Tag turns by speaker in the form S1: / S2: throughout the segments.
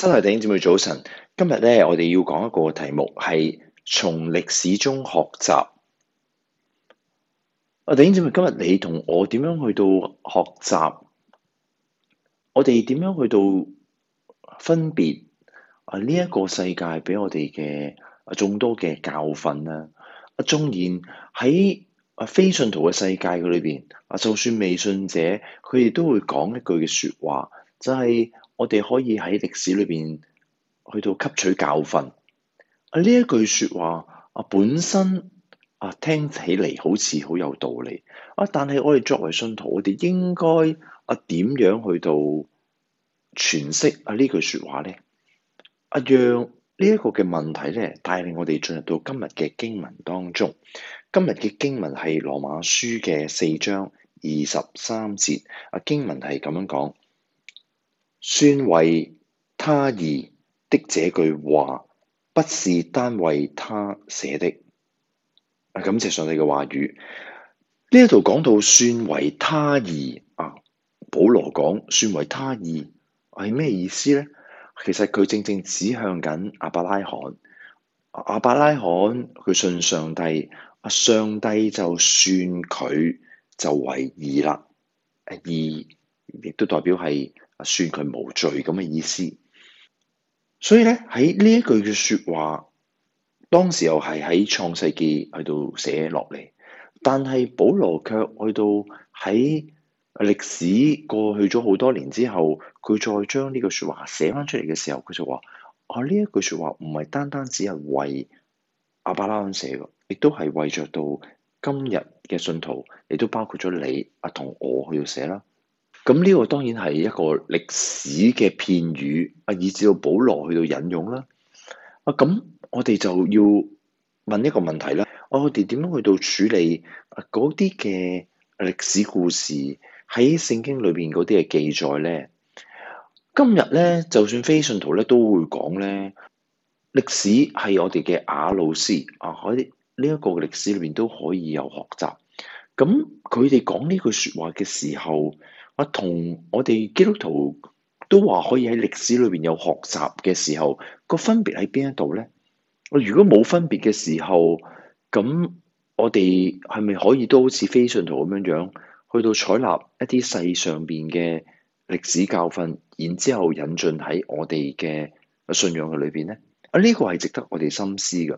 S1: 新來弟兄姊妹早晨，今日咧我哋要講一個題目，係從歷史中學習。弟兄姊妹，今日你同我點樣去到學習？我哋點樣去到分別呢一個世界俾我哋嘅眾多嘅教訓啦？啊，縱然喺啊非信徒嘅世界佢裏邊啊，就算未信者，佢哋都會講一句嘅說話，就係。我哋可以喺歷史裏邊去到吸取教訓。啊，呢一句說話啊，本身啊，聽起嚟好似好有道理。啊，但係我哋作為信徒，我哋應該啊，點樣去到詮釋啊呢句說話咧？啊，讓呢一個嘅問題咧，帶領我哋進入到今日嘅經文當中。今日嘅經文係羅馬書嘅四章二十三節。啊，經文係咁樣講。算為他義的這句話，不是單為他寫的。感謝上帝嘅話語。呢一度講到算為他義啊，保羅講算為他義係咩意思咧？其實佢正正指向緊亞伯拉罕。亞伯拉罕佢信上帝，上帝就算佢就為義啦。義亦都代表係。算佢無罪咁嘅意思，所以咧喺呢一句嘅說話，當時又係喺創世記去到寫落嚟，但係保羅卻去到喺歷史過去咗好多年之後，佢再將呢句說話寫翻出嚟嘅時候，佢就話：啊，呢一句說話唔係單單只係為亞伯拉罕寫嘅，亦都係為着到今日嘅信徒，亦都包括咗你啊同我去到寫啦。咁呢個當然係一個歷史嘅片語，啊，以至到保羅去到引用啦。啊，咁我哋就要問一個問題啦，啊，我哋點樣去到處理嗰啲嘅歷史故事喺聖經裏邊嗰啲嘅記載咧？今日咧，就算非信徒咧都會講咧，歷史係我哋嘅雅老師啊，喺呢一個歷史裏邊都可以有學習。咁佢哋講呢句說話嘅時候，我同我哋基督徒都話可以喺歷史裏邊有學習嘅時候，個分別喺邊一度咧？如果冇分別嘅時候，咁我哋係咪可以都好似非信徒咁樣樣，去到採納一啲世上邊嘅歷史教訓，然之後引進喺我哋嘅信仰嘅裏邊咧？啊，呢個係值得我哋深思嘅。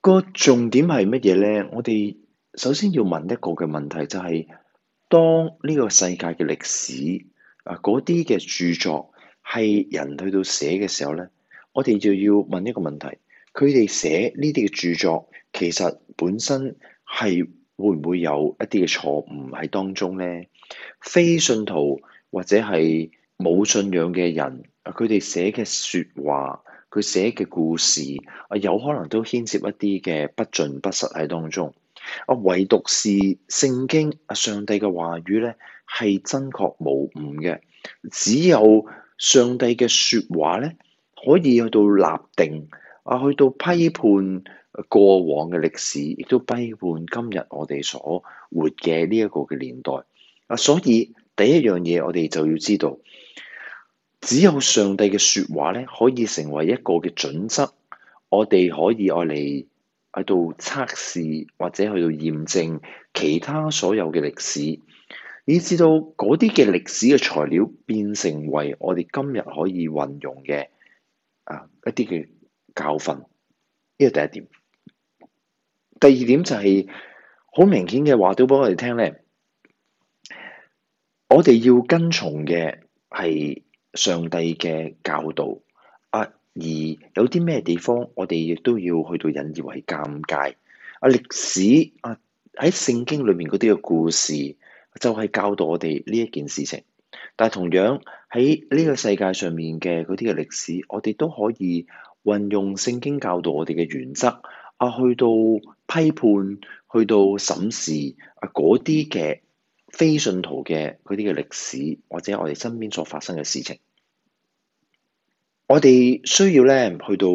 S1: 個重點係乜嘢咧？我哋首先要問一個嘅問題就係。當呢個世界嘅歷史啊，嗰啲嘅著作係人去到寫嘅時候呢，我哋就要問一個問題：佢哋寫呢啲嘅著作，其實本身係會唔會有一啲嘅錯誤喺當中呢？非信徒或者係冇信仰嘅人，佢哋寫嘅説話，佢寫嘅故事，啊，有可能都牽涉一啲嘅不盡不實喺當中。啊，唯獨是聖經啊，上帝嘅話語咧係真確無誤嘅。只有上帝嘅說話咧，可以去到立定啊，去到批判過往嘅歷史，亦都批判今日我哋所活嘅呢一個嘅年代啊。所以第一樣嘢我哋就要知道，只有上帝嘅說話咧，可以成為一個嘅準則，我哋可以用嚟。喺度測試或者去到驗證其他所有嘅歷史，以至到嗰啲嘅歷史嘅材料變成為我哋今日可以運用嘅一啲嘅教訓。呢個第一點。第二點就係、是、好明顯嘅話都俾我哋聽咧，我哋要跟從嘅係上帝嘅教導。而有啲咩地方，我哋亦都要去到引以為尷尬。啊，歷史啊喺聖經裏面嗰啲嘅故事，就係教導我哋呢一件事情。但係同樣喺呢個世界上面嘅嗰啲嘅歷史，我哋都可以運用聖經教導我哋嘅原則。啊，去到批判，去到審視啊嗰啲嘅非信徒嘅嗰啲嘅歷史，或者我哋身邊所發生嘅事情。我哋需要咧去到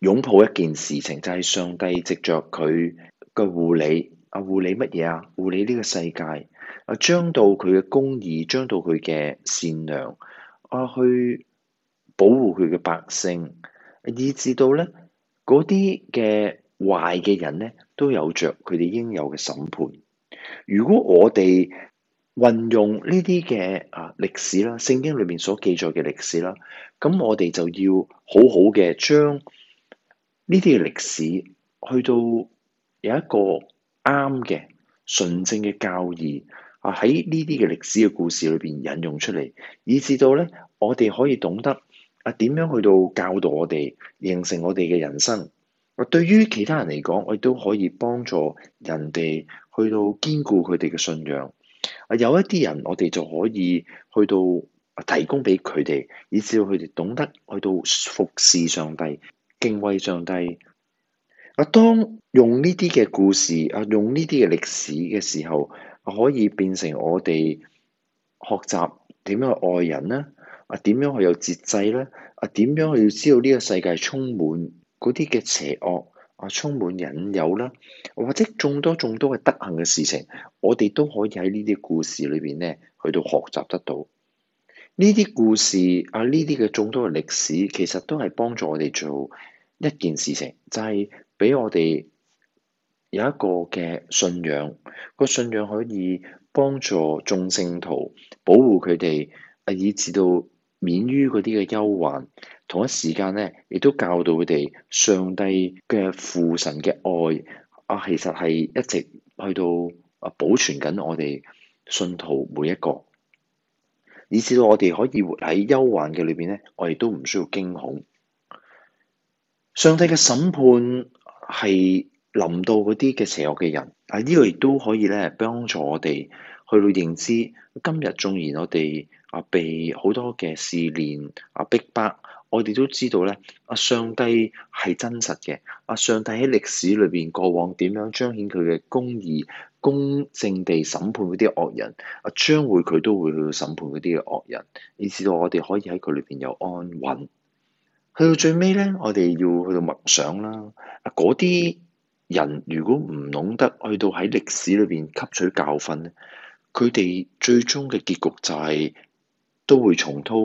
S1: 擁抱一件事情，就係上帝藉着佢嘅護理啊，護理乜嘢啊？護理呢個世界啊，將到佢嘅公義，將到佢嘅善良啊，去保護佢嘅百姓，啊，以至到咧嗰啲嘅壞嘅人咧，都有着佢哋應有嘅審判。如果我哋運用呢啲嘅啊歷史啦，聖經裏面所記載嘅歷史啦，咁我哋就要好好嘅將呢啲嘅歷史去到有一個啱嘅純正嘅教義啊，喺呢啲嘅歷史嘅故事裏邊引用出嚟，以至到咧我哋可以懂得啊點樣去到教導我哋，形成我哋嘅人生。啊，對於其他人嚟講，我亦都可以幫助人哋去到堅固佢哋嘅信仰。啊，有一啲人，我哋就可以去到提供俾佢哋，以至到佢哋懂得去到服侍上帝、敬畏上帝。啊，當用呢啲嘅故事啊，用呢啲嘅歷史嘅時候，啊，可以變成我哋學習點樣去愛人咧？啊，點樣去有節制咧？啊，點樣去知道呢個世界充滿嗰啲嘅邪惡？充滿引誘啦，或者眾多眾多嘅德行嘅事情，我哋都可以喺呢啲故事裏邊咧，去到學習得到呢啲故事啊，呢啲嘅眾多嘅歷史，其實都係幫助我哋做一件事情，就係、是、俾我哋有一個嘅信仰，個信仰可以幫助眾聖徒保護佢哋啊，以至到免於嗰啲嘅憂患。同一時間咧，亦都教導佢哋上帝嘅父神嘅愛啊，其實係一直去到啊保存緊我哋信徒每一個，以至到我哋可以活喺憂患嘅裏邊咧，我哋都唔需要驚恐。上帝嘅審判係臨到嗰啲嘅邪惡嘅人啊，呢、這個亦都可以咧幫助我哋去到認知今日縱然我哋啊被好多嘅試煉啊逼迫。我哋都知道咧，阿上帝係真實嘅，阿上帝喺歷史裏邊過往點樣彰顯佢嘅公義、公正地審判嗰啲惡人，阿將會佢都會去到審判嗰啲嘅惡人。以至到我哋可以喺佢裏邊有安穩。去到最尾咧，我哋要去到默想啦。嗰啲人如果唔懂得去到喺歷史裏邊吸取教訓，佢哋最終嘅結局就係、是、都會重蹈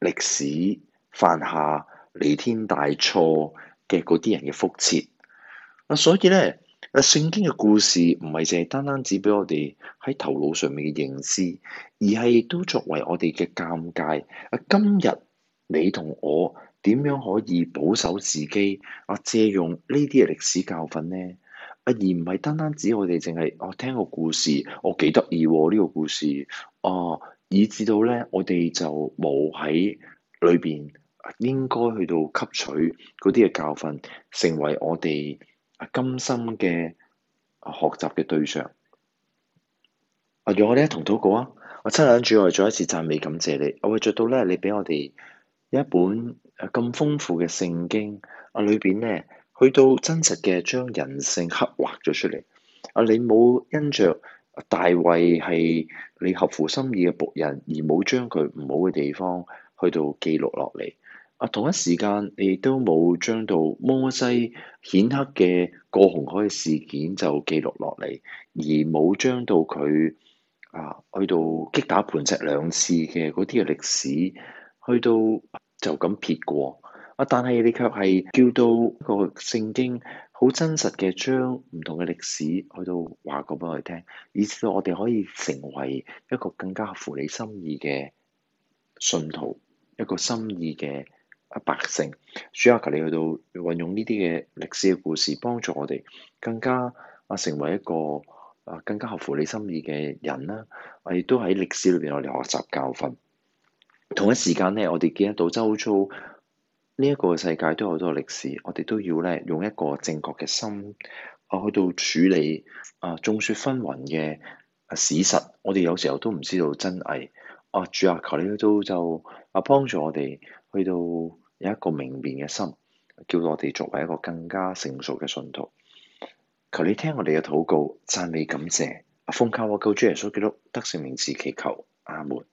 S1: 歷史犯下彌天大錯嘅嗰啲人嘅覆轍，啊，所以咧，啊，聖經嘅故事唔係淨係單單只俾我哋喺頭腦上面嘅認知，而係都作為我哋嘅鑑戒。啊，今日你同我點樣可以保守自己？啊，借用呢啲嘅歷史教訓呢？啊，而唔係單單只我哋淨係我聽個故事，我幾得意喎呢個故事，啊，以至到咧我哋就冇喺裏邊。應該去到吸取嗰啲嘅教訓，成為我哋甘心嘅學習嘅對象。我哋我哋一同禱告啊！我啊親眼主愛再一次讚美感謝你，我會着到咧你俾我哋一本咁豐富嘅聖經，啊裏邊咧去到真實嘅將人性刻畫咗出嚟。啊你冇因着大衛係你合乎心意嘅僕人，而冇將佢唔好嘅地方去到記錄落嚟。啊，同一時間你都冇將到摩西顯赫嘅過紅海事件就記錄落嚟，而冇將到佢啊去到擊打磐石兩次嘅嗰啲嘅歷史，去到就咁撇過。啊，但係你卻係叫到一個聖經好真實嘅將唔同嘅歷史去到話過俾我哋聽，以至到我哋可以成為一個更加合乎你心意嘅信徒，一個心意嘅。啊！百姓，主要求你去到運用呢啲嘅歷史嘅故事，幫助我哋更加啊成為一個啊更加合乎你心意嘅人啦。我亦都喺歷史裏邊，我哋學習教訓。同一時間咧，我哋見得到周遭呢一個世界都有好多個歷史，我哋都要咧用一個正確嘅心啊去到處理啊眾說紛紜嘅啊史實，我哋有時候都唔知道真偽。哦、啊，主啊，求你去到就啊幫助我哋去到有一個明辨嘅心，叫我哋作為一個更加成熟嘅信徒。求你聽我哋嘅禱告、讚美、感謝。阿奉靠我救主耶穌基督得勝名字祈求。阿門。